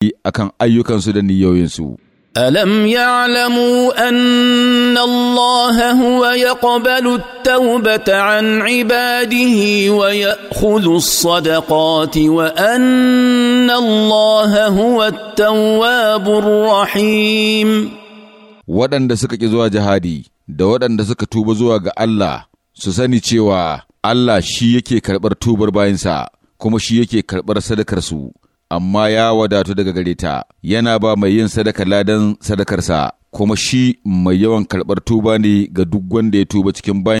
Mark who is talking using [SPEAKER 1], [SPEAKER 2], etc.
[SPEAKER 1] akan ayyukansu da niyoyinsu.
[SPEAKER 2] ألم يعلموا أن الله هو يقبل التوبة عن عباده ويأخذ الصدقات وأن الله هو التواب الرحيم waɗanda suka ƙi zuwa
[SPEAKER 3] jihadi da waɗanda suka tuba zuwa ga Allah su sani cewa Allah shi yake karɓar tubar bayansa kuma shi yake karɓar sadakarsu amma ya wadatu daga gare ta yana ba mai yin sadaka ladan sadakarsa kuma shi mai yawan karɓar tuba ne ga duk wanda ya tuba cikin bayan